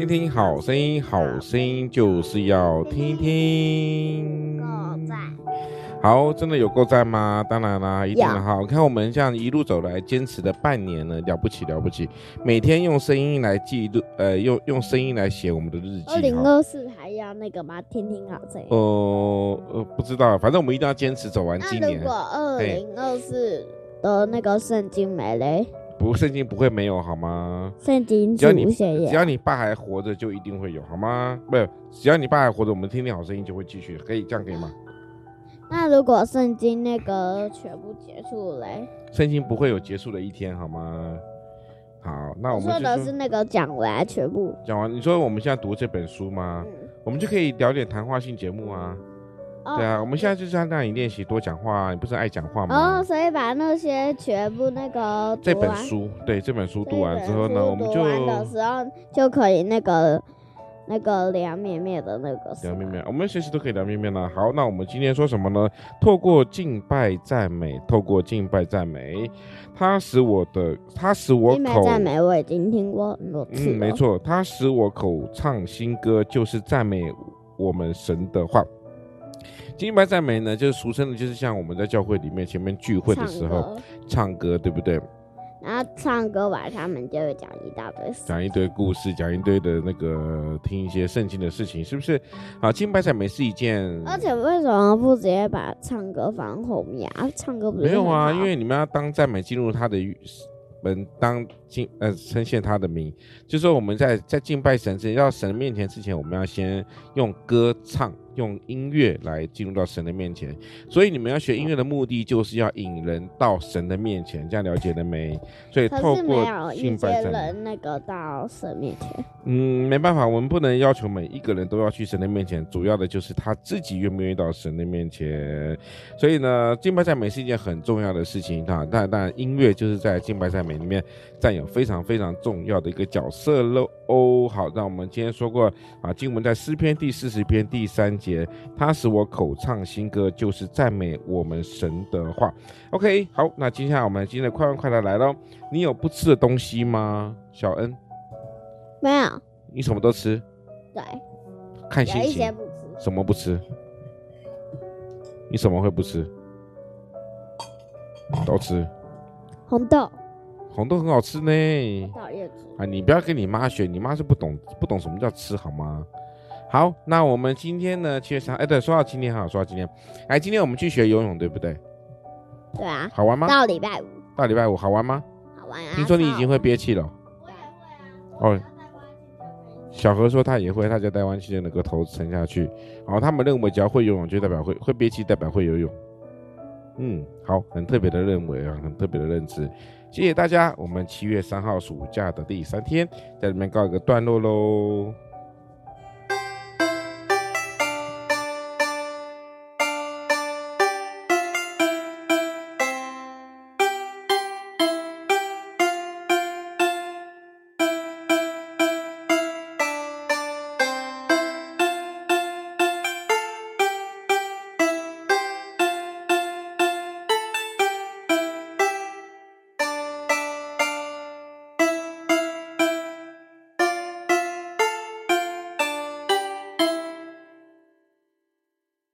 聽聽好聲音好，好聲音就是要聽聽。夠讚。好，真的有夠讚嗎？當然啦，一定有好，看我們這樣一路走來，堅持了半年了，了不起了不起。每天用聲音來記錄，呃，用用聲音來寫我們的日記。二零二四還要那個嗎？聽聽好聲音。呃呃，不知道，反正我們一定要堅持走完今年。那如果二零二四的那個聖經沒了？不，聖經不會沒有好嗎？聖經只要你只要你爸還活着，就一定會有好嗎？沒有，只要你爸還活着，我們聽聽好聲音就會繼續，可以這樣給嗎？那如果聖經那個全部結束嘞？聖經不會有結束的一天好嗎？好，那我們就說，我說的是那個講完全部講完，你說我們現在讀這本書嗎？嗯，我們就可以聊點談話性節目啊。對啊，哦、我們現在就是讓你練習多講話、啊，你不是愛講話嗎？哦，所以把那些全部那個這本書，對這本書讀完之後呢，呢我們就讀完的時候就可以那個那個聊綿綿的那個聊綿綿，我們隨時都可以聊綿綿了。好，那我們今天說什麼呢？透過敬拜讚美，透過敬拜讚美，他使我的他使我口讚美，我已經聽過很多次嗯，沒錯，他使我口唱新歌，就是讚美我們神的話。敬拜讚美呢，就是俗稱的，就是像我們在教會裡面前面聚會的時候唱歌，唱歌，對不對？然後唱歌完，他們就會講一大堆事，講一堆故事，講一堆的那個聽一些聖經的事情，是不是？好，敬拜讚美是一件。而且為什麼不直接把唱歌放後面啊？唱歌不是沒有啊，因為你們要當讚美進入他的門，當敬呃稱謝他的名，就是說我們在在敬拜神之前，到神面前之前，我們要先用歌唱，用音樂來進入到神的面前，所以你們要學音樂的目的就是要引人到神的面前，這樣了解了沒？所以透過敬拜讚美，一些人那個到神面前。嗯，沒辦法，我們不能要求每一個人都要去神的面前，主要的就是他自己願不願意到神的面前。所以呢，敬拜讚美是一件很重要的事情啊，但但音樂就是在敬拜讚美裡面占有非常非常重要的一個角色嘍。哦，好，讓我們今天說過啊，經文在詩篇第四十篇第三。節，它使我口唱新歌，就是讚美我們神的話。OK，好，那接下來我們今天的快問快答來嘍。你有不吃的東西嗎，小恩？沒有。你什麼都吃。對。看心情。有一些不吃。什麼不吃？你什麼會不吃？ 都吃。紅豆。紅豆很好吃呢。吃啊，你不要跟你媽學，你媽是不懂不懂什麼叫吃好嗎？好，那我們今天呢？七月三號，欸、對，說到今天好，說到今天，哎，今天我們去學游泳，對不對？對啊，好玩嗎？到禮拜五。到禮拜五，好玩嗎？好玩啊！聽說你已經會憋氣了、啊。我也會啊。哦、oh，小何說他也會，他在帶彎氣的那個頭沉下去。然後他們認為，只要會游泳，就代表會會憋氣，代表會游泳。嗯，好，很特別的認為啊，很特別的認知。謝謝大家，我們七月三號暑假的第三天在這邊告一個段落嘍。